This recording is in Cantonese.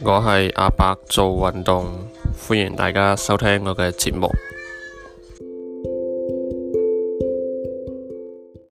我係阿伯做運動，歡迎大家收聽我嘅節目。